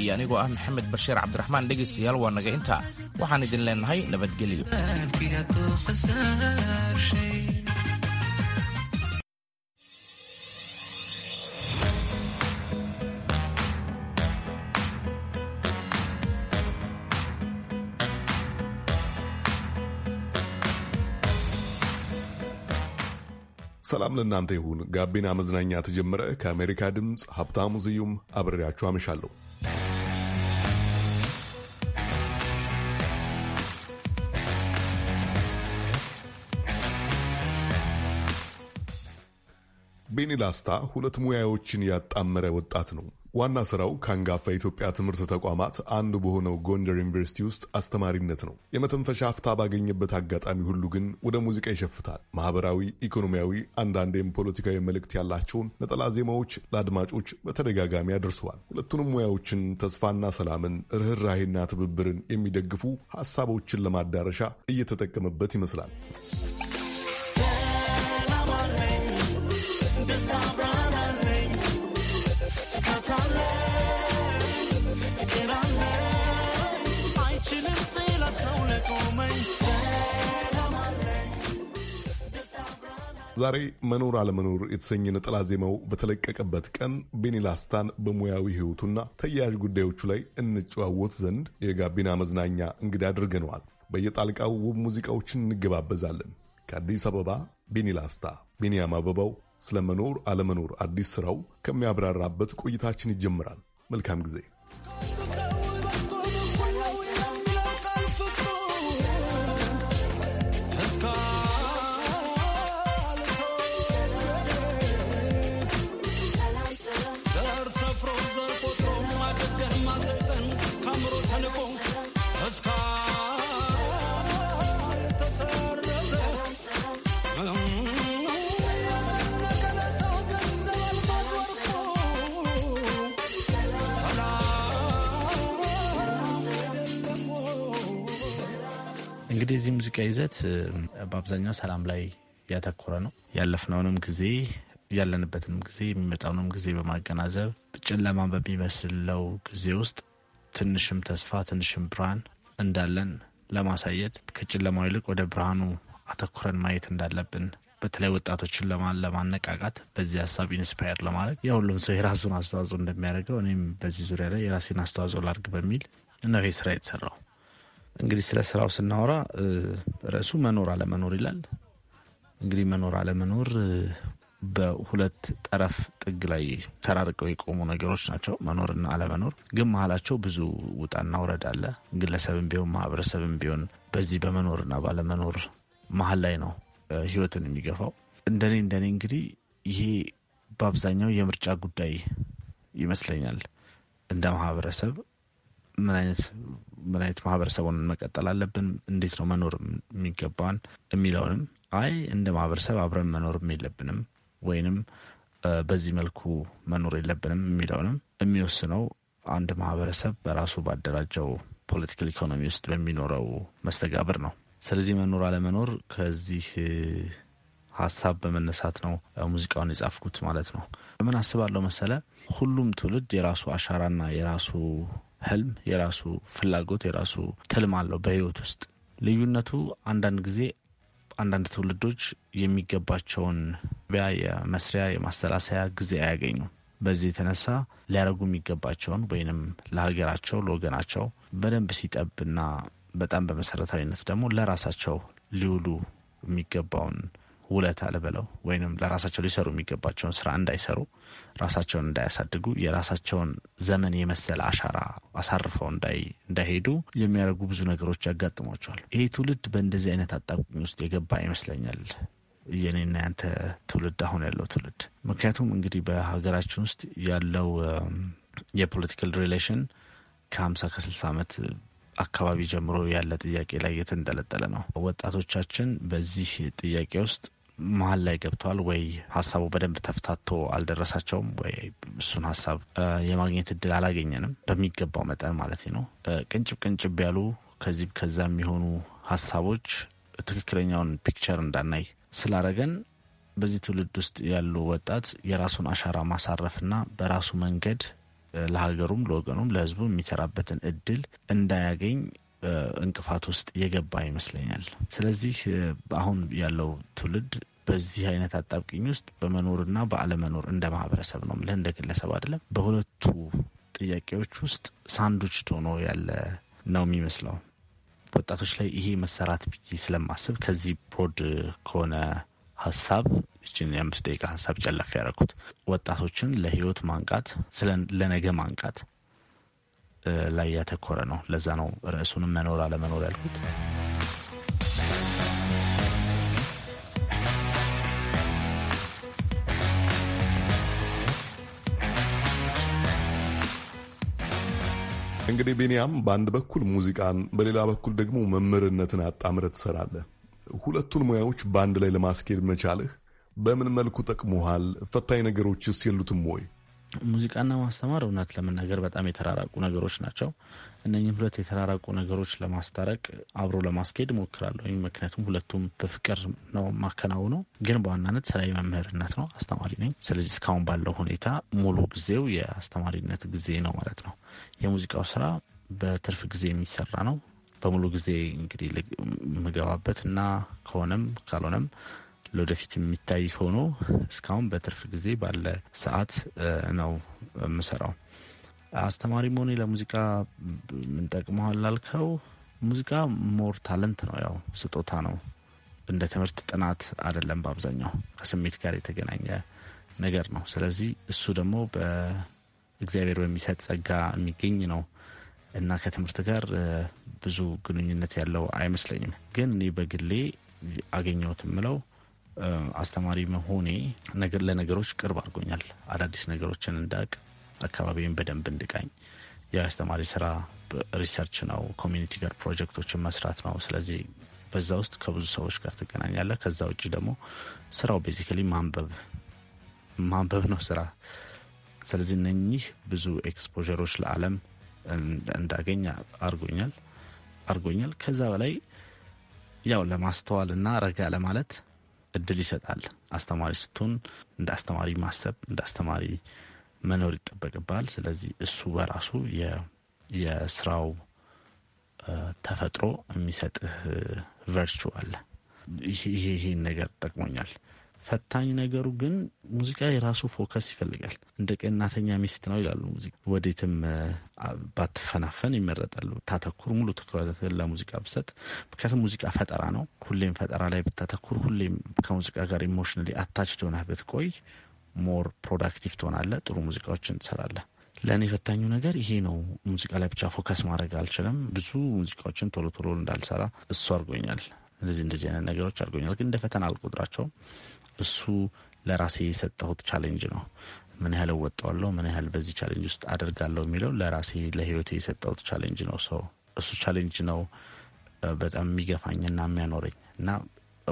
iyo anigoo ah maxamed bashiir cabdiraxmaan dhegaystayaal waa naga intaa waxaan idin leennahay nabadgelyo ሰላም ለእናንተ ይሁን። ጋቢና መዝናኛ ተጀመረ። ከአሜሪካ ድምፅ ሀብታሙ ስዩም አብሬያችሁ አመሻለሁ። ቤኒ ላስታ ሁለት ሙያዎችን ያጣመረ ወጣት ነው። ዋና ስራው ከአንጋፋ የኢትዮጵያ ትምህርት ተቋማት አንዱ በሆነው ጎንደር ዩኒቨርሲቲ ውስጥ አስተማሪነት ነው። የመተንፈሻ አፍታ ባገኘበት አጋጣሚ ሁሉ ግን ወደ ሙዚቃ ይሸፍታል። ማህበራዊ፣ ኢኮኖሚያዊ፣ አንዳንዴም ፖለቲካዊ መልእክት ያላቸውን ነጠላ ዜማዎች ለአድማጮች በተደጋጋሚ አድርሰዋል። ሁለቱንም ሙያዎችን ተስፋና ሰላምን፣ ርኅራሄና ትብብርን የሚደግፉ ሀሳቦችን ለማዳረሻ እየተጠቀመበት ይመስላል። ዛሬ መኖር አለመኖር የተሰኘ ነጠላ ዜማው በተለቀቀበት ቀን ቤኒላስታን በሙያዊ ሕይወቱና ተያያዥ ጉዳዮቹ ላይ እንጨዋወት ዘንድ የጋቢና መዝናኛ እንግዳ አድርገነዋል። በየጣልቃው ውብ ሙዚቃዎችን እንገባበዛለን። ከአዲስ አበባ ቤኒላስታ ቤኒያም አበባው ስለ መኖር አለመኖር አዲስ ስራው ከሚያብራራበት ቆይታችን ይጀምራል። መልካም ጊዜ። እንግዲህ እዚህ ሙዚቃ ይዘት በአብዛኛው ሰላም ላይ ያተኮረ ነው። ያለፍነውንም ጊዜ ያለንበትንም ጊዜ የሚመጣውንም ጊዜ በማገናዘብ ጨለማ በሚመስለው ጊዜ ውስጥ ትንሽም ተስፋ ትንሽም ብርሃን እንዳለን ለማሳየት ከጨለማው ይልቅ ወደ ብርሃኑ አተኩረን ማየት እንዳለብን በተለይ ወጣቶችን ለማነቃቃት በዚህ ሀሳብ ኢንስፓየር ለማድረግ የሁሉም ሰው የራሱን አስተዋጽኦ እንደሚያደርገው እኔም በዚህ ዙሪያ ላይ የራሴን አስተዋጽኦ ላድርግ በሚል ነው ይህ ስራ የተሰራው። እንግዲህ ስለ ስራው ስናወራ ርዕሱ መኖር አለመኖር ይላል። እንግዲህ መኖር አለመኖር በሁለት ጠረፍ ጥግ ላይ ተራርቀው የቆሙ ነገሮች ናቸው፣ መኖርና አለመኖር። ግን መሀላቸው ብዙ ውጣና ውረድ አለ። ግለሰብም ቢሆን ማህበረሰብም ቢሆን በዚህ በመኖርና ባለመኖር መሀል ላይ ነው ህይወትን የሚገፋው። እንደኔ እንደኔ እንግዲህ ይሄ በአብዛኛው የምርጫ ጉዳይ ይመስለኛል እንደ ማህበረሰብ ምን አይነት ምን አይነት ማህበረሰቡን መቀጠል አለብን፣ እንዴት ነው መኖር የሚገባን የሚለውንም አይ እንደ ማህበረሰብ አብረን መኖርም የለብንም ወይንም በዚህ መልኩ መኖር የለብንም የሚለውንም የሚወስነው አንድ ማህበረሰብ በራሱ ባደራጀው ፖለቲካል ኢኮኖሚ ውስጥ በሚኖረው መስተጋብር ነው። ስለዚህ መኖር አለመኖር ከዚህ ሀሳብ በመነሳት ነው ሙዚቃውን የጻፍኩት ማለት ነው። ምን አስባለሁ መሰለ ሁሉም ትውልድ የራሱ አሻራና የራሱ ህልም፣ የራሱ ፍላጎት፣ የራሱ ትልም አለው በህይወት ውስጥ። ልዩነቱ አንዳንድ ጊዜ አንዳንድ ትውልዶች የሚገባቸውን ቢያ የመስሪያ የማሰላሰያ ጊዜ አያገኙም። በዚህ የተነሳ ሊያደርጉ የሚገባቸውን ወይንም ለሀገራቸው ለወገናቸው በደንብ ሲጠብና በጣም በመሰረታዊነት ደግሞ ለራሳቸው ሊውሉ የሚገባውን ውለት ልበለው ወይም ለራሳቸው ሊሰሩ የሚገባቸውን ስራ እንዳይሰሩ፣ ራሳቸውን እንዳያሳድጉ፣ የራሳቸውን ዘመን የመሰለ አሻራ አሳርፈው እንዳይሄዱ የሚያደርጉ ብዙ ነገሮች ያጋጥሟቸዋል። ይሄ ትውልድ በእንደዚህ አይነት አጣብቂኝ ውስጥ የገባ ይመስለኛል። የኔና ያንተ ትውልድ አሁን ያለው ትውልድ ምክንያቱም እንግዲህ በሀገራችን ውስጥ ያለው የፖለቲካል ሪሌሽን ከ ከስልሳ ዓመት አካባቢ ጀምሮ ያለ ጥያቄ ላይ የተንጠለጠለ ነው። ወጣቶቻችን በዚህ ጥያቄ ውስጥ መሀል ላይ ገብተዋል ወይ ሀሳቡ በደንብ ተፍታቶ አልደረሳቸውም ወይ እሱን ሀሳብ የማግኘት እድል አላገኘንም በሚገባው መጠን ማለት ነው። ቅንጭብ ቅንጭብ ያሉ ከዚህም ከዛ የሚሆኑ ሀሳቦች ትክክለኛውን ፒክቸር እንዳናይ ስላረገን በዚህ ትውልድ ውስጥ ያሉ ወጣት የራሱን አሻራ ማሳረፍና በራሱ መንገድ ለሀገሩም ለወገኑም ለህዝቡ የሚሰራበትን እድል እንዳያገኝ እንቅፋት ውስጥ የገባ ይመስለኛል። ስለዚህ አሁን ያለው ትውልድ በዚህ አይነት አጣብቂኝ ውስጥ በመኖርና በአለመኖር እንደ ማህበረሰብ ነው ምልህ እንደ ግለሰብ አይደለም፣ በሁለቱ ጥያቄዎች ውስጥ ሳንዱች ሆኖ ያለ ነው የሚመስለው። ወጣቶች ላይ ይሄ መሰራት ብዬ ስለማስብ ከዚህ ቦርድ ከሆነ ሀሳብ ይችን የአምስት ደቂቃ ሀሳብ ጨለፍ ያደረኩት ወጣቶችን ለህይወት ማንቃት፣ ለነገ ማንቃት ላይ ያተኮረ ነው። ለዛ ነው ርዕሱንም መኖር አለመኖር ያልኩት። እንግዲህ ቢንያም በአንድ በኩል ሙዚቃን በሌላ በኩል ደግሞ መምህርነትን አጣምረ ትሰራለህ። ሁለቱን ሙያዎች በአንድ ላይ ለማስኬድ መቻልህ በምን መልኩ ጠቅሞሃል? ፈታኝ ነገሮችስ የሉትም ወይ? ሙዚቃና ማስተማር እውነት ለመናገር በጣም የተራራቁ ነገሮች ናቸው። እነኝም ሁለት የተራራቁ ነገሮች ለማስታረቅ አብሮ ለማስኬድ እሞክራለሁ ምክንያቱም ሁለቱም በፍቅር ነው ማከናውነው። ግን በዋናነት ስራዊ መምህርነት ነው፣ አስተማሪ ነኝ። ስለዚህ እስካሁን ባለው ሁኔታ ሙሉ ጊዜው የአስተማሪነት ጊዜ ነው ማለት ነው። የሙዚቃው ስራ በትርፍ ጊዜ የሚሰራ ነው። በሙሉ ጊዜ እንግዲህ ምገባበት እና ከሆነም ካልሆነም ለወደፊት የሚታይ ሆኖ እስካሁን በትርፍ ጊዜ ባለ ሰዓት ነው የምሰራው። አስተማሪ መሆኔ ለሙዚቃ ምን ጠቅመዋል ላልከው፣ ሙዚቃ ሞር ታለንት ነው፣ ያው ስጦታ ነው። እንደ ትምህርት ጥናት አይደለም። በአብዛኛው ከስሜት ጋር የተገናኘ ነገር ነው። ስለዚህ እሱ ደግሞ በእግዚአብሔር በሚሰጥ ጸጋ የሚገኝ ነው እና ከትምህርት ጋር ብዙ ግንኙነት ያለው አይመስለኝም። ግን እኔ በግሌ አገኘሁት የምለው አስተማሪ መሆኔ ነገር ለነገሮች ቅርብ አድርጎኛል። አዳዲስ ነገሮችን እንዳቅ፣ አካባቢውን በደንብ እንድቃኝ። የአስተማሪ ስራ ሪሰርች ነው፣ ኮሚኒቲ ጋር ፕሮጀክቶችን መስራት ነው። ስለዚህ በዛ ውስጥ ከብዙ ሰዎች ጋር ትገናኛለ። ከዛ ውጭ ደግሞ ስራው ቤዚካሊ ማንበብ ማንበብ ነው ስራ። ስለዚህ እነኚህ ብዙ ኤክስፖሮች ለዓለም እንዳገኝ አርጎኛል አርጎኛል። ከዛ በላይ ያው ለማስተዋል እና ረጋ ለማለት እድል ይሰጣል። አስተማሪ ስትሆን እንደ አስተማሪ ማሰብ፣ እንደ አስተማሪ መኖር ይጠበቅባል። ስለዚህ እሱ በራሱ የስራው ተፈጥሮ የሚሰጥህ ቨርቹ አለ። ይሄ ይሄን ነገር ጠቅሞኛል። ፈታኝ ነገሩ ግን ሙዚቃ የራሱ ፎከስ ይፈልጋል። እንደ ቀናተኛ ሚስት ነው ይላሉ። ሙዚቃ ወዴትም ባትፈናፈን ይመረጣሉ። ታተኩር ሙሉ ትኩረት ለሙዚቃ ብሰጥ፣ ምክንያቱም ሙዚቃ ፈጠራ ነው። ሁሌም ፈጠራ ላይ ብታተኩር፣ ሁሌም ከሙዚቃ ጋር ኢሞሽናሊ አታች ሆነህ ብትቆይ፣ ሞር ፕሮዳክቲቭ ትሆናለ፣ ጥሩ ሙዚቃዎችን ትሰራለ። ለእኔ ፈታኙ ነገር ይሄ ነው። ሙዚቃ ላይ ብቻ ፎከስ ማድረግ አልችልም። ብዙ ሙዚቃዎችን ቶሎ ቶሎ እንዳልሰራ እሱ አድርጎኛል። እንደዚህ እንደዚህ አይነት ነገሮች አድርጎኛል። ግን እንደ ፈተና አልቆጥራቸውም። እሱ ለራሴ የሰጠሁት ቻሌንጅ ነው። ምን ያህል እወጣዋለሁ፣ ምን ያህል በዚህ ቻሌንጅ ውስጥ አደርጋለሁ የሚለው ለራሴ ለህይወቴ የሰጠሁት ቻሌንጅ ነው። ሰው እሱ ቻሌንጅ ነው በጣም የሚገፋኝና የሚያኖረኝ እና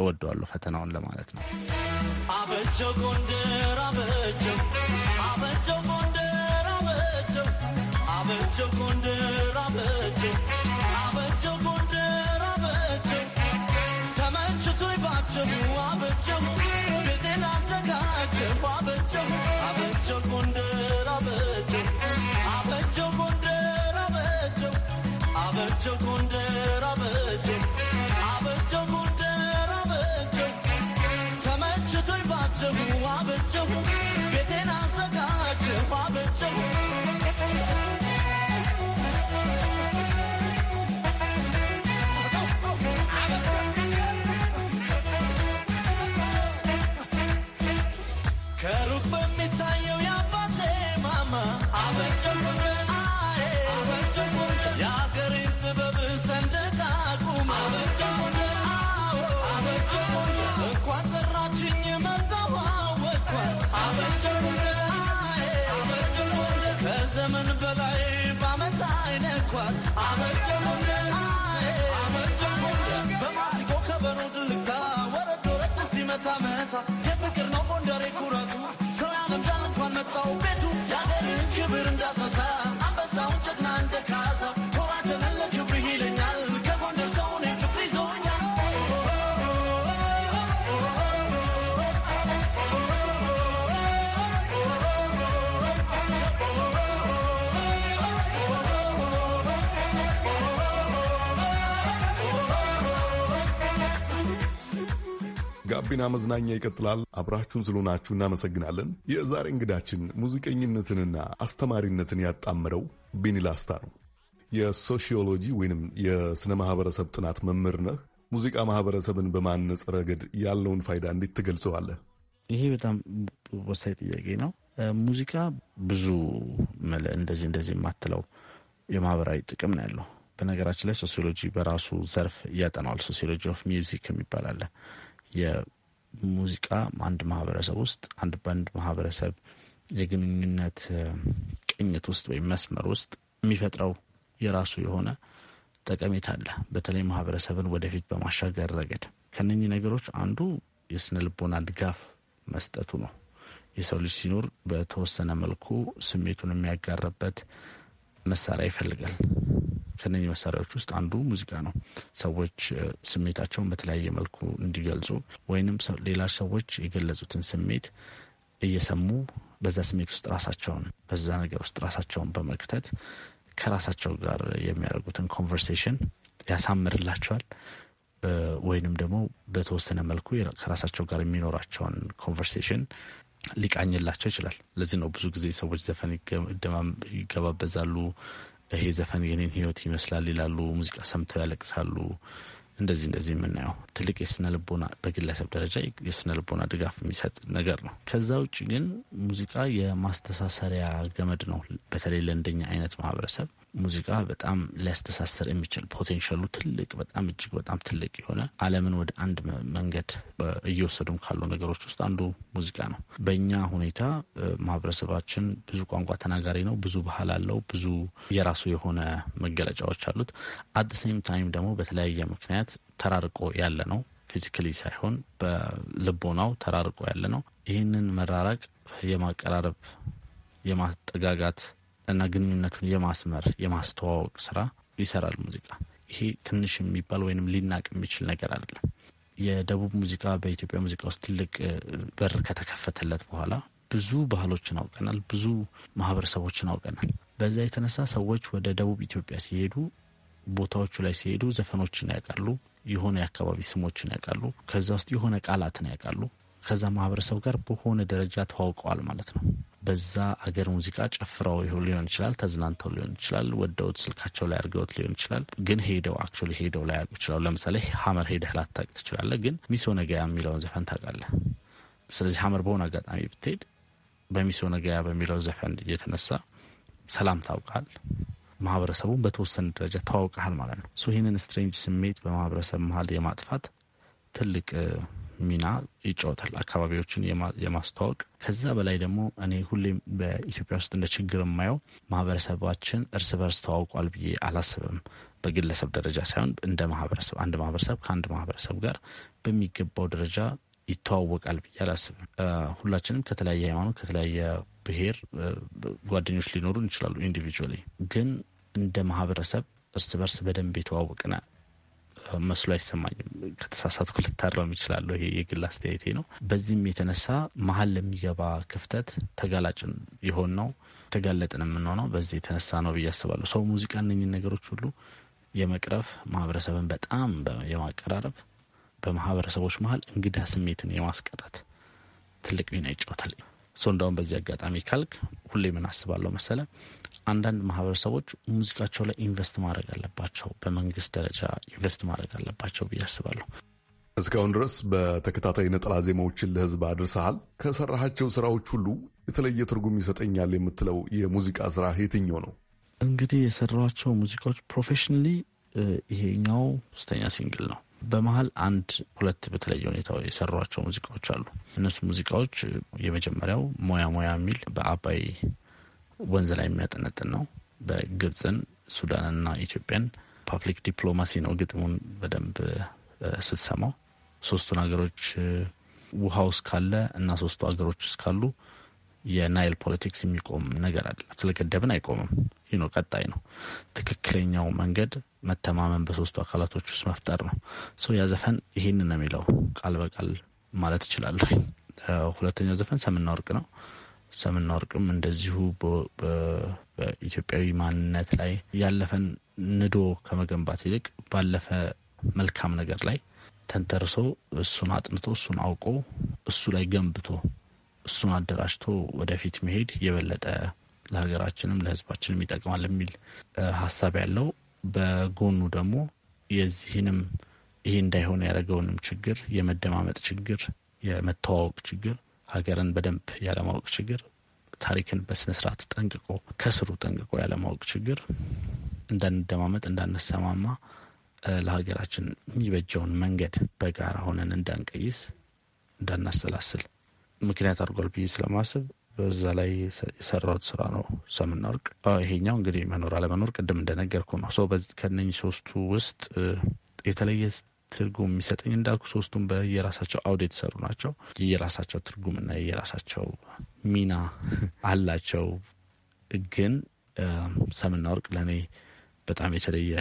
እወደዋለሁ ፈተናውን ለማለት ነው። አበጀ ጎንደር አበጀ yo con ጋቢና መዝናኛ ይቀጥላል። አብራችሁን ስለሆናችሁ እናመሰግናለን። የዛሬ እንግዳችን ሙዚቀኝነትንና አስተማሪነትን ያጣምረው ቢኒላስታ ላስታ ነው። የሶሺዮሎጂ ወይንም የሥነ ማኅበረሰብ ጥናት መምህር ነህ። ሙዚቃ ማኅበረሰብን በማነጽ ረገድ ያለውን ፋይዳ እንዴት ትገልጸዋለህ? ይሄ በጣም ወሳኝ ጥያቄ ነው። ሙዚቃ ብዙ እንደዚህ እንደዚህ የማትለው የማህበራዊ ጥቅም ነው ያለው። በነገራችን ላይ ሶሲዮሎጂ በራሱ ዘርፍ እያጠናዋል። ሶሲዮሎጂ ኦፍ ሚውዚክ የሚባል አለ። ሙዚቃ አንድ ማህበረሰብ ውስጥ አንድ በአንድ ማህበረሰብ የግንኙነት ቅኝት ውስጥ ወይም መስመር ውስጥ የሚፈጥረው የራሱ የሆነ ጠቀሜታ አለ። በተለይ ማህበረሰብን ወደፊት በማሻገር ረገድ ከነኚህ ነገሮች አንዱ የስነ ልቦና ድጋፍ መስጠቱ ነው። የሰው ልጅ ሲኖር በተወሰነ መልኩ ስሜቱን የሚያጋርበት መሳሪያ ይፈልጋል። ከነኚህ መሳሪያዎች ውስጥ አንዱ ሙዚቃ ነው። ሰዎች ስሜታቸውን በተለያየ መልኩ እንዲገልጹ ወይንም ሌላ ሰዎች የገለጹትን ስሜት እየሰሙ በዛ ስሜት ውስጥ ራሳቸውን በዛ ነገር ውስጥ ራሳቸውን በመክተት ከራሳቸው ጋር የሚያደርጉትን ኮንቨርሴሽን ያሳምርላቸዋል ወይንም ደግሞ በተወሰነ መልኩ ከራሳቸው ጋር የሚኖራቸውን ኮንቨርሴሽን ሊቃኝላቸው ይችላል። ለዚህ ነው ብዙ ጊዜ ሰዎች ዘፈን ይገባበዛሉ፣ ይሄ ዘፈን የኔን ህይወት ይመስላል ይላሉ። ሙዚቃ ሰምተው ያለቅሳሉ። እንደዚህ እንደዚህ የምናየው ትልቅ የስነ ልቦና በግለሰብ ደረጃ የስነ ልቦና ድጋፍ የሚሰጥ ነገር ነው። ከዛ ውጭ ግን ሙዚቃ የማስተሳሰሪያ ገመድ ነው። በተለይ ለእንደኛ አይነት ማህበረሰብ ሙዚቃ በጣም ሊያስተሳሰር የሚችል ፖቴንሻሉ ትልቅ በጣም እጅግ በጣም ትልቅ የሆነ ዓለምን ወደ አንድ መንገድ እየወሰዱም ካሉ ነገሮች ውስጥ አንዱ ሙዚቃ ነው። በእኛ ሁኔታ ማህበረሰባችን ብዙ ቋንቋ ተናጋሪ ነው፣ ብዙ ባህል አለው፣ ብዙ የራሱ የሆነ መገለጫዎች አሉት። አት ሴም ታይም ደግሞ በተለያየ ምክንያት ተራርቆ ያለ ነው። ፊዚካሊ ሳይሆን በልቦናው ተራርቆ ያለ ነው። ይህንን መራራቅ የማቀራረብ የማጠጋጋት እና ግንኙነቱን የማስመር የማስተዋወቅ ስራ ይሰራል ሙዚቃ። ይሄ ትንሽ የሚባል ወይንም ሊናቅ የሚችል ነገር አይደለም። የደቡብ ሙዚቃ በኢትዮጵያ ሙዚቃ ውስጥ ትልቅ በር ከተከፈተለት በኋላ ብዙ ባህሎችን አውቀናል፣ ብዙ ማህበረሰቦችን አውቀናል። በዛ የተነሳ ሰዎች ወደ ደቡብ ኢትዮጵያ ሲሄዱ ቦታዎቹ ላይ ሲሄዱ ዘፈኖችን ያውቃሉ፣ የሆነ የአካባቢ ስሞችን ያውቃሉ፣ ከዛ ውስጥ የሆነ ቃላትን ያውቃሉ። ከዛ ማህበረሰብ ጋር በሆነ ደረጃ ተዋውቀዋል ማለት ነው። በዛ አገር ሙዚቃ ጨፍረው ሊሆን ይችላል፣ ተዝናንተው ሊሆን ይችላል፣ ወደውት ስልካቸው ላይ አድርገውት ሊሆን ይችላል። ግን ሄደው አክቹዋሊ ሄደው ላይ ያውቁ ይችላሉ። ለምሳሌ ሀመር ሄደህ ላታውቅ ትችላለህ፣ ግን ሚሶ ነገያ የሚለውን ዘፈን ታውቃለህ። ስለዚህ ሀመር በሆነ አጋጣሚ ብትሄድ በሚሶ ነገያ በሚለው ዘፈን እየተነሳ ሰላም ታውቃል። ማህበረሰቡን በተወሰነ ደረጃ ተዋውቀሃል ማለት ነው። ይህንን ስትሬንጅ ስሜት በማህበረሰብ መሀል የማጥፋት ትልቅ ሚና ይጫወታል። አካባቢዎችን የማስተዋወቅ ከዛ በላይ ደግሞ እኔ ሁሌም በኢትዮጵያ ውስጥ እንደ ችግር የማየው ማህበረሰባችን እርስ በርስ ተዋውቋል ብዬ አላስብም። በግለሰብ ደረጃ ሳይሆን እንደ ማህበረሰብ አንድ ማህበረሰብ ከአንድ ማህበረሰብ ጋር በሚገባው ደረጃ ይተዋወቃል ብዬ አላስብም። ሁላችንም ከተለያየ ሃይማኖት፣ ከተለያየ ብሄር ጓደኞች ሊኖሩን ይችላሉ። ኢንዲቪጁዋሊ ግን እንደ ማህበረሰብ እርስ በርስ በደንብ የተዋወቅን መስሎ አይሰማኝም። ከተሳሳትኩ ልታረም ይችላለሁ። ይሄ የግል አስተያየቴ ነው። በዚህም የተነሳ መሀል ለሚገባ ክፍተት ተጋላጭ የሆን ነው ተጋለጥን የምንሆነው በዚህ የተነሳ ነው ብዬ አስባለሁ። ሰው ሙዚቃ እነኝን ነገሮች ሁሉ የመቅረፍ ማህበረሰብን በጣም የማቀራረብ በማህበረሰቦች መሀል እንግዳ ስሜትን የማስቀረት ትልቅ ሚና ይጫወታል። ሰው እንዳሁም በዚህ አጋጣሚ ካልክ ሁሌ ምን አስባለሁ መሰለ አንዳንድ ማህበረሰቦች ሙዚቃቸው ላይ ኢንቨስት ማድረግ አለባቸው፣ በመንግስት ደረጃ ኢንቨስት ማድረግ አለባቸው ብዬ አስባለሁ። እስካሁን ድረስ በተከታታይ ነጠላ ዜማዎችን ለህዝብ አድርሰሃል። ከሰራሃቸው ስራዎች ሁሉ የተለየ ትርጉም ይሰጠኛል የምትለው የሙዚቃ ስራ የትኛው ነው? እንግዲህ የሰራኋቸው ሙዚቃዎች ፕሮፌሽናሊ ይሄኛው ሶስተኛ ሲንግል ነው። በመሀል አንድ ሁለት በተለየ ሁኔታ የሰሯቸው ሙዚቃዎች አሉ። እነሱ ሙዚቃዎች የመጀመሪያው ሞያ ሞያ የሚል በአባይ ወንዝ ላይ የሚያጠነጥን ነው። በግብፅን ሱዳንና ኢትዮጵያን ፓብሊክ ዲፕሎማሲ ነው። ግጥሙን በደንብ ስትሰማው ሶስቱን ሀገሮች ውሃ ውስጥ ካለ እና ሶስቱ ሀገሮች ውስጥ ካሉ የናይል ፖለቲክስ የሚቆም ነገር አለ። ስለ ገደብን አይቆምም። ይህ ነው ቀጣይ ነው። ትክክለኛው መንገድ መተማመን በሶስቱ አካላቶች ውስጥ መፍጠር ነው። ሰው ያ ዘፈን ይህንን ነው የሚለው ቃል በቃል ማለት እችላለሁ። ሁለተኛው ዘፈን ሰምናወርቅ ነው። ሰምና ወርቅም እንደዚሁ በኢትዮጵያዊ ማንነት ላይ ያለፈን ንዶ ከመገንባት ይልቅ ባለፈ መልካም ነገር ላይ ተንተርሶ እሱን አጥንቶ እሱን አውቆ እሱ ላይ ገንብቶ እሱን አደራጅቶ ወደፊት መሄድ የበለጠ ለሀገራችንም ለሕዝባችንም ይጠቅማል የሚል ሀሳብ ያለው በጎኑ ደግሞ የዚህንም ይህ እንዳይሆን ያደረገውንም ችግር የመደማመጥ ችግር፣ የመተዋወቅ ችግር ሀገርን በደንብ ያለማወቅ ችግር፣ ታሪክን በስነስርዓት ጠንቅቆ ከስሩ ጠንቅቆ ያለማወቅ ችግር እንዳንደማመጥ፣ እንዳንሰማማ ለሀገራችን የሚበጀውን መንገድ በጋራ ሆነን እንዳንቀይስ፣ እንዳናሰላስል ምክንያት አድርጓል ብዬ ስለማስብ በዛ ላይ የሰራሁት ስራ ነው። ሰምናወርቅ ይሄኛው እንግዲህ መኖር አለመኖር ቅድም እንደነገርኩ ነው። ከነኝ ሶስቱ ውስጥ የተለየ ትርጉም የሚሰጠኝ እንዳልኩ ሶስቱም በየራሳቸው አውድ የተሰሩ ናቸው። የየራሳቸው ትርጉምና የየራሳቸው ሚና አላቸው። ግን ሰምና ወርቅ ለእኔ በጣም የተለየ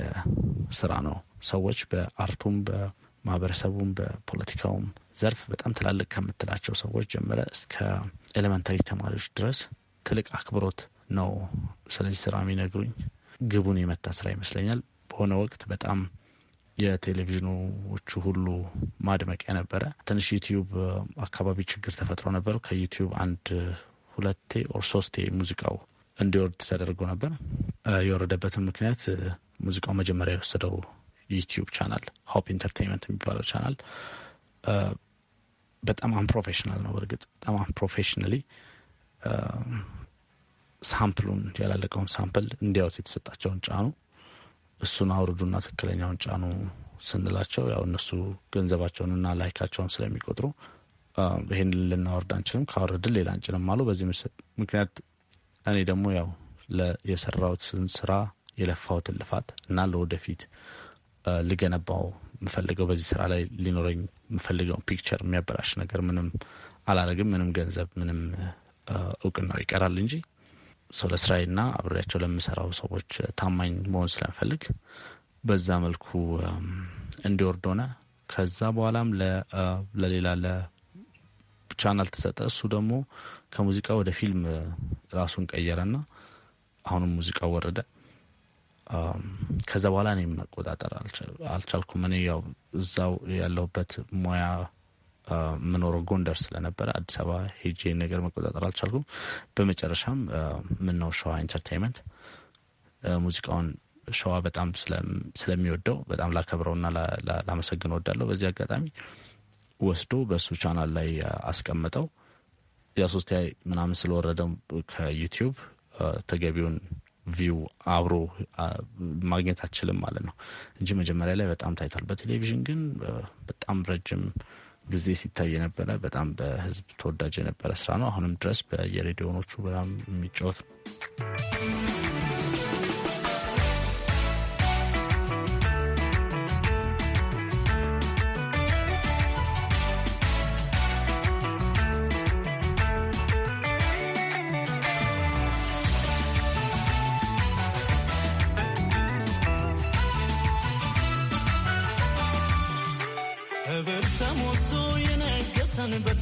ስራ ነው። ሰዎች በአርቱም በማህበረሰቡም በፖለቲካውም ዘርፍ በጣም ትላልቅ ከምትላቸው ሰዎች ጀምረ እስከ ኤሌመንታሪ ተማሪዎች ድረስ ትልቅ አክብሮት ነው ስለዚህ ስራ የሚነግሩኝ። ግቡን የመታ ስራ ይመስለኛል። በሆነ ወቅት በጣም የቴሌቪዥኖቹ ሁሉ ማድመቂያ ነበረ። ትንሽ ዩቲዩብ አካባቢ ችግር ተፈጥሮ ነበር። ከዩቲዩብ አንድ ሁለቴ ኦር ሶስቴ ሙዚቃው እንዲወርድ ተደርጎ ነበር። የወረደበትን ምክንያት ሙዚቃው መጀመሪያ የወሰደው ዩቲዩብ ቻናል ሆፕ ኢንተርቴንመንት የሚባለው ቻናል በጣም አንፕሮፌሽናል ነው። በእርግጥ በጣም አንፕሮፌሽናሊ ሳምፕሉን ያላለቀውን ሳምፕል እንዲያውት የተሰጣቸውን ጫኑ። እሱን አውርዱና ትክክለኛውን ጫኑ ስንላቸው ያው እነሱ ገንዘባቸውንና ላይካቸውን ስለሚቆጥሩ ይህን ልናወርድ አንችልም፣ ካወረድን ሌላ አንጭንም አሉ። በዚህ ምክንያት እኔ ደግሞ ያው የሰራሁትን ስራ የለፋሁትን ልፋት እና ለወደፊት ልገነባው የምፈልገው በዚህ ስራ ላይ ሊኖረኝ የምፈልገውን ፒክቸር የሚያበላሽ ነገር ምንም አላረግም። ምንም ገንዘብ ምንም እውቅናው ይቀራል እንጂ ሰው ለስራዬና አብሬያቸው ለምሰራው ሰዎች ታማኝ መሆን ስለምፈልግ በዛ መልኩ እንዲወርድ ሆነ። ከዛ በኋላም ለሌላ ለቻናል ተሰጠ። እሱ ደግሞ ከሙዚቃ ወደ ፊልም ራሱን ቀየረና አሁንም ሙዚቃው ወረደ። ከዛ በኋላ እኔም መቆጣጠር አልቻልኩም። እኔ ያው እዛው ያለሁበት ሙያ የምኖረው ጎንደር ስለነበረ አዲስ አበባ ሄጄ ነገር መቆጣጠር አልቻልኩም። በመጨረሻም ምነው ሸዋ ኢንተርቴንመንት ሙዚቃውን ሸዋ በጣም ስለሚወደው በጣም ላከብረውና ላመሰግን ወዳለሁ። በዚህ አጋጣሚ ወስዶ በእሱ ቻናል ላይ አስቀምጠው ያ ሶስት ምናምን ስለወረደው ከዩቲዩብ ተገቢውን ቪው አብሮ ማግኘት አችልም ማለት ነው እንጂ መጀመሪያ ላይ በጣም ታይቷል። በቴሌቪዥን ግን በጣም ረጅም ጊዜ ሲታይ የነበረ በጣም በህዝብ ተወዳጅ የነበረ ስራ ነው። አሁንም ድረስ በየሬዲዮኖቹ በጣም የሚጫወት ነው።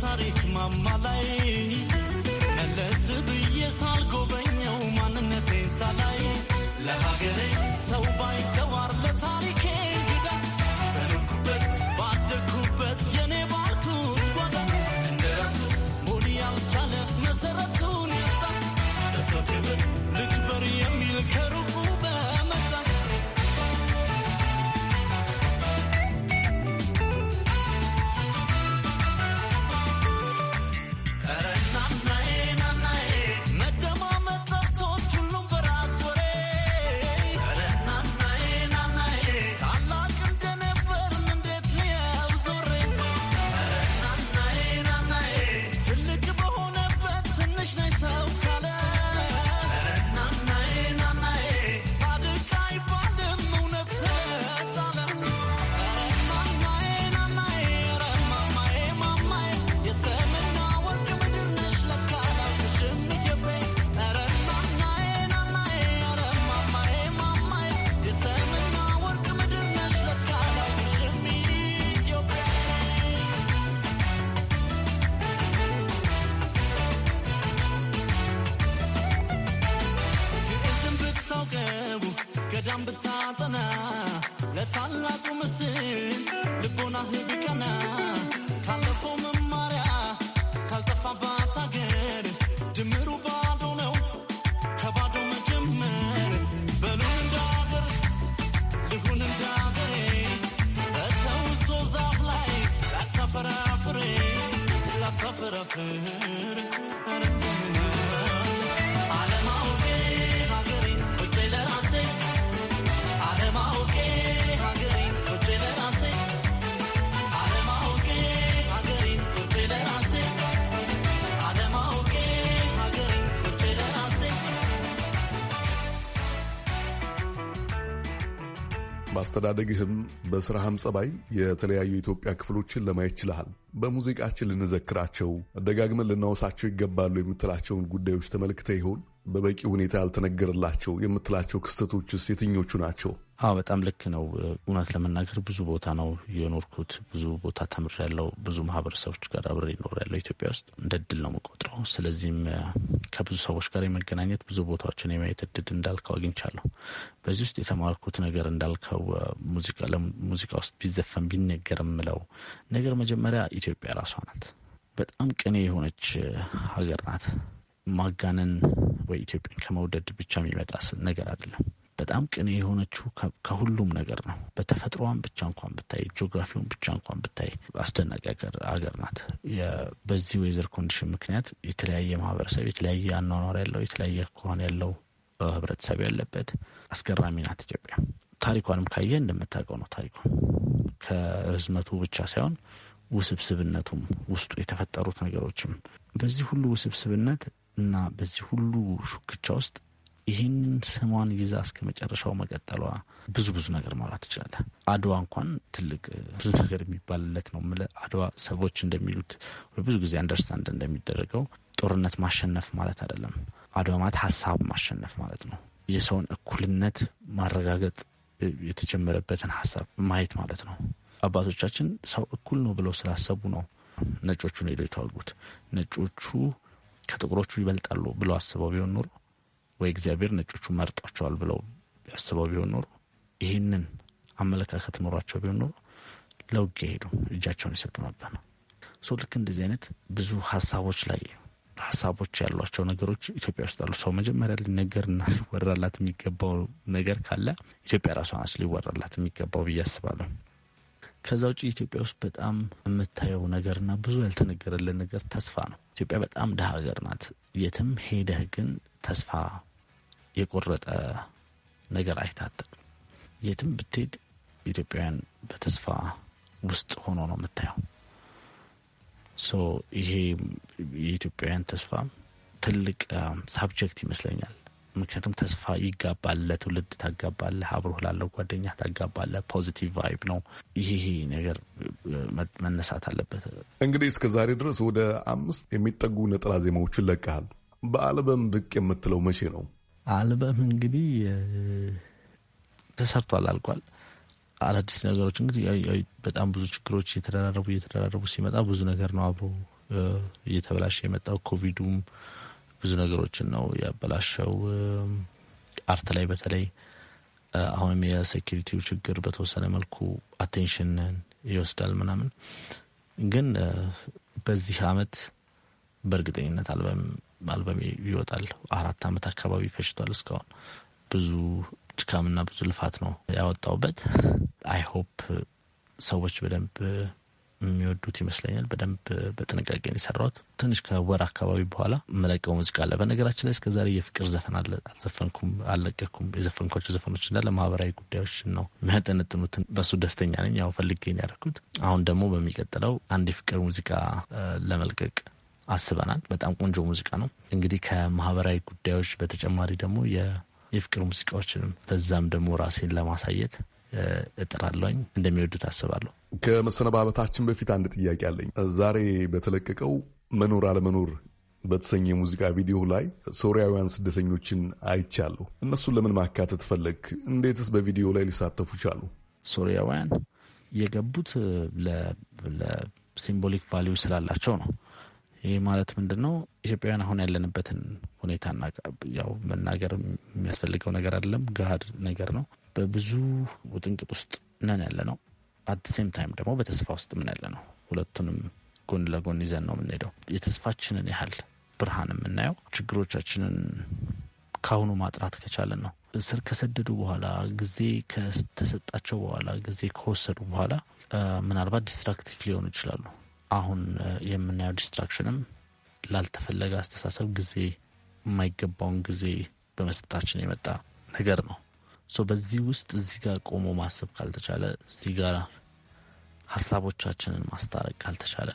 sarıkmam malay something በአስተዳደግህም በስራህም ጸባይ የተለያዩ የኢትዮጵያ ክፍሎችን ለማየት ችልሃል። በሙዚቃችን ልንዘክራቸው ደጋግመን ልናወሳቸው ይገባሉ የምትላቸውን ጉዳዮች ተመልክተ ይሆን? በበቂ ሁኔታ ያልተነገርላቸው የምትላቸው ክስተቶችስ የትኞቹ ናቸው? አዎ በጣም ልክ ነው። እውነት ለመናገር ብዙ ቦታ ነው የኖርኩት። ብዙ ቦታ ተምር ያለው ብዙ ማህበረሰቦች ጋር አብሬ ያለው ኢትዮጵያ ውስጥ እንደ እድል ነው የምቆጥረው። ስለዚህም ከብዙ ሰዎች ጋር የመገናኘት ብዙ ቦታዎችን የማየት እድል እንዳልከው አግኝቻለሁ። በዚህ ውስጥ የተማርኩት ነገር እንዳልከው ሙዚቃ ለሙዚቃ ውስጥ ቢዘፈን ቢነገር የምለው ነገር መጀመሪያ ኢትዮጵያ ራሷ ናት። በጣም ቅኔ የሆነች ሀገር ናት። ማጋነን ወይ ኢትዮጵያን ከመውደድ ብቻ የሚመጣ ነገር አይደለም። በጣም ቅን የሆነችው ከሁሉም ነገር ነው። በተፈጥሮዋን ብቻ እንኳን ብታይ፣ ጂኦግራፊውን ብቻ እንኳን ብታይ አስደናቂ ሀገር ናት። በዚህ ወይዘር ኮንዲሽን ምክንያት የተለያየ ማህበረሰብ የተለያየ አኗኗር ያለው የተለያየ ከሆን ያለው ህብረተሰብ ያለበት አስገራሚ ናት ኢትዮጵያ። ታሪኳንም ካየ እንደምታውቀው ነው። ታሪኳ ከርዝመቱ ብቻ ሳይሆን ውስብስብነቱም ውስጡ የተፈጠሩት ነገሮችም በዚህ ሁሉ ውስብስብነት እና በዚህ ሁሉ ሹክቻ ውስጥ ይህንን ስሟን ይዛ እስከ መጨረሻው መቀጠሏ ብዙ ብዙ ነገር ማውራት ይችላለ። አድዋ እንኳን ትልቅ ብዙ ነገር የሚባልለት ነው። አድዋ ሰዎች እንደሚሉት ብዙ ጊዜ አንደርስታንድ እንደሚደረገው ጦርነት ማሸነፍ ማለት አይደለም። አድዋ ማለት ሀሳብ ማሸነፍ ማለት ነው። የሰውን እኩልነት ማረጋገጥ የተጀመረበትን ሀሳብ ማየት ማለት ነው። አባቶቻችን ሰው እኩል ነው ብለው ስላሰቡ ነው ነጮቹን ሄደው የተዋጉት። ነጮቹ ከጥቁሮቹ ይበልጣሉ ብለው አስበው ቢሆን ኖሮ ወይ እግዚአብሔር ነጮቹ መርጧቸዋል ብለው ቢያስበው ቢሆን ኖሮ ይህንን አመለካከት ኖሯቸው ቢሆን ኖሮ ለውጊያ ሄዱ እጃቸውን ይሰጡ ነበር ነው። ሰው ልክ እንደዚህ አይነት ብዙ ሀሳቦች ላይ ሀሳቦች ያሏቸው ነገሮች ኢትዮጵያ ውስጥ አሉ። ሰው መጀመሪያ ሊነገርና ሊወራላት የሚገባው ነገር ካለ ኢትዮጵያ ራሷ ናት ሊወራላት የሚገባው ብዬ አስባለሁ። ከዛ ውጭ ኢትዮጵያ ውስጥ በጣም የምታየው ነገርና ብዙ ያልተነገረልን ነገር ተስፋ ነው። ኢትዮጵያ በጣም ድሃ ሀገር ናት። የትም ሄደህ ግን ተስፋ የቆረጠ ነገር አይታጥም። የትም ብትሄድ ኢትዮጵያውያን በተስፋ ውስጥ ሆኖ ነው የምታየው። ሶ ይሄ የኢትዮጵያውያን ተስፋ ትልቅ ሳብጀክት um, ይመስለኛል። ምክንያቱም ተስፋ ይጋባል፣ ለትውልድ ታጋባለ አብሮህ ላለው ጓደኛ ታጋባለ። ፖዚቲቭ ቫይብ ነው። ይሄ ነገር uh, መነሳት አለበት። እንግዲህ እስከ ዛሬ ድረስ ወደ አምስት የሚጠጉ ነጠላ ዜማዎችን ለቀሃል። በአልበም ብቅ የምትለው መቼ ነው? አልበም እንግዲህ ተሰርቷል፣ አልቋል። አዳዲስ ነገሮች እንግዲህ በጣም ብዙ ችግሮች እየተደራረቡ እየተደራረቡ ሲመጣ ብዙ ነገር ነው አብሮ እየተበላሸ የመጣው። ኮቪዱም ብዙ ነገሮችን ነው ያበላሸው። አርት ላይ በተለይ አሁንም የሴኪሪቲው ችግር በተወሰነ መልኩ አቴንሽንን ይወስዳል ምናምን። ግን በዚህ አመት በእርግጠኝነት አልበም አልበሜ ይወጣል። አራት ዓመት አካባቢ ፈጅቷል። እስካሁን ብዙ ድካምና ብዙ ልፋት ነው ያወጣውበት። አይሆፕ ሰዎች በደንብ የሚወዱት ይመስለኛል። በደንብ በጥንቃቄ የሰራሁት ትንሽ ከወር አካባቢ በኋላ መለቀው ሙዚቃ አለ። በነገራችን ላይ እስከዛሬ የፍቅር ዘፈን አልዘፈንኩም፣ አልለቀኩም። የዘፈንኳቸው ዘፈኖች እንዳለ ማህበራዊ ጉዳዮች ነው የሚያጠነጥኑትን። በሱ ደስተኛ ነኝ። ያው ፈልጌን ያደርኩት። አሁን ደግሞ በሚቀጥለው አንድ የፍቅር ሙዚቃ ለመልቀቅ አስበናል። በጣም ቆንጆ ሙዚቃ ነው። እንግዲህ ከማህበራዊ ጉዳዮች በተጨማሪ ደግሞ የፍቅር ሙዚቃዎችንም በዛም ደግሞ ራሴን ለማሳየት እጥራለኝ እንደሚወዱት አስባለሁ። ከመሰነባበታችን በፊት አንድ ጥያቄ አለኝ። ዛሬ በተለቀቀው መኖር አለመኖር በተሰኘ የሙዚቃ ቪዲዮ ላይ ሶሪያውያን ስደተኞችን አይቻለሁ። እነሱን ለምን ማካተት ፈለግ? እንዴትስ በቪዲዮ ላይ ሊሳተፉ ቻሉ? ሶሪያውያን የገቡት ለሲምቦሊክ ቫሊዩ ስላላቸው ነው። ይህ ማለት ምንድን ነው? ኢትዮጵያውያን አሁን ያለንበትን ሁኔታ ያው መናገር የሚያስፈልገው ነገር አይደለም፣ ገሃድ ነገር ነው። በብዙ ውጥንቅጥ ውስጥ ነን ያለ ነው። አት ሴም ታይም ደግሞ በተስፋ ውስጥ ምን ያለ ነው። ሁለቱንም ጎን ለጎን ይዘን ነው የምንሄደው። የተስፋችንን ያህል ብርሃን የምናየው ችግሮቻችንን ካሁኑ ማጥራት ከቻለን ነው። ስር ከሰደዱ በኋላ ጊዜ ከተሰጣቸው በኋላ ጊዜ ከወሰዱ በኋላ ምናልባት ዲስትራክቲቭ ሊሆኑ ይችላሉ። አሁን የምናየው ዲስትራክሽንም ላልተፈለገ አስተሳሰብ ጊዜ የማይገባውን ጊዜ በመስጠታችን የመጣ ነገር ነው። በዚህ ውስጥ እዚህ ጋር ቆሞ ማሰብ ካልተቻለ፣ እዚህ ጋር ሀሳቦቻችንን ማስታረቅ ካልተቻለ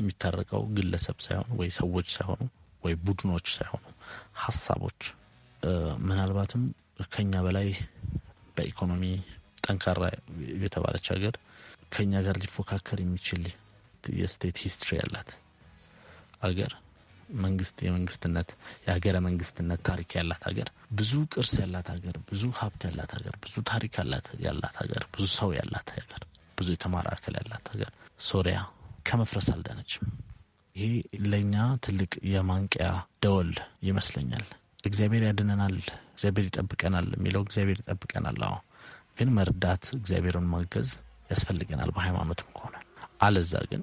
የሚታረቀው ግለሰብ ሳይሆን ወይ ሰዎች ሳይሆኑ ወይ ቡድኖች ሳይሆኑ ሀሳቦች ምናልባትም ከኛ በላይ በኢኮኖሚ ጠንካራ የተባለች ሀገር ከኛ ጋር ሊፎካከር የሚችል የስቴት ሂስትሪ ያላት አገር መንግስት የመንግስትነት የሀገረ መንግስትነት ታሪክ ያላት ሀገር ብዙ ቅርስ ያላት ሀገር ብዙ ሀብት ያላት ሀገር ብዙ ታሪክ ያላት ሀገር ብዙ ሰው ያላት ሀገር ብዙ የተማረ አካል ያላት ሀገር ሶሪያ ከመፍረስ አልዳነችም። ይሄ ለእኛ ትልቅ የማንቂያ ደወል ይመስለኛል። እግዚአብሔር ያድነናል፣ እግዚአብሔር ይጠብቀናል የሚለው እግዚአብሔር ይጠብቀናል። አዎ፣ ግን መርዳት እግዚአብሔርን ማገዝ ያስፈልገናል በሃይማኖትም ከሆነ አለዛ ግን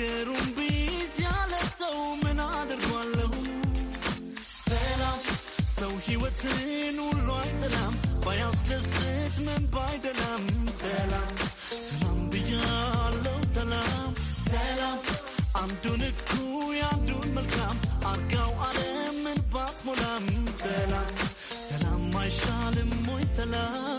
ነገሩን ቢዝ ያለ ሰው ምን አድርጓለሁ? ሰላም ሰው ህይወትን ሁሉ አይጠላም፣ ባያስደስት ምን ባይደላም፣ ሰላም ሰላም ብያለው ሰላም ሰላም አንዱን እኩ ያንዱን መልካም አርጋው ዓለም ምን ባትሞላም፣ ሰላም ሰላም አይሻልም ወይ ሰላም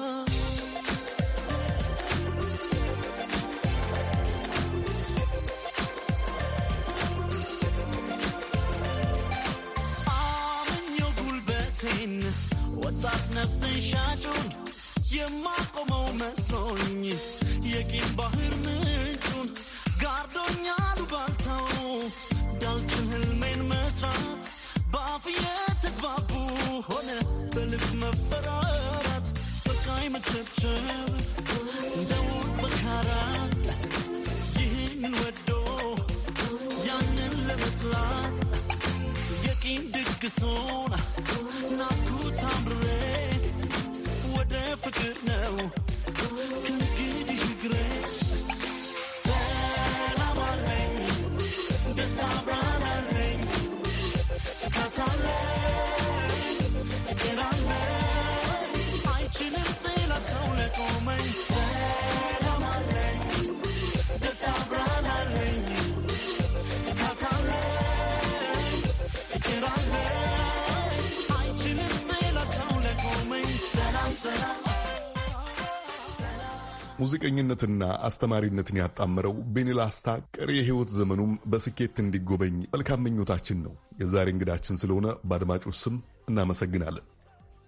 ወጣት ነፍሰን ሻጩን የማቆመው መስሎኝ የቂም ባህር ምንጩን ጋርዶኛ ሉባልታው ዳልችን ህልሜን መስራት በአፍ የተግባቡ ሆነ በልብ መፈራራት በቃይ መቸብቸብ እንደውድ በካራት ይህንን ወዶ ያንን ለመጥላት የቂም ድግሶን you. ሙዚቀኝነትና አስተማሪነትን ያጣመረው ቤኒላስታ ቀሪ የህይወት ዘመኑም በስኬት እንዲጎበኝ መልካም ምኞታችን ነው። የዛሬ እንግዳችን ስለሆነ በአድማጮች ስም እናመሰግናለን።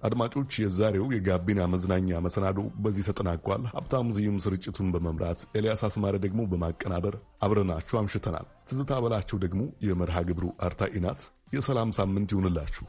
አድማጮች፣ የዛሬው የጋቢና መዝናኛ መሰናዶ በዚህ ተጠናቋል። ሀብታሙ ዝዩም ስርጭቱን በመምራት ኤልያስ አስማረ ደግሞ በማቀናበር አብረናችሁ አምሽተናል። ትዝታ በላቸው ደግሞ የመርሃ ግብሩ አርታኢ ናት። የሰላም ሳምንት ይሁንላችሁ።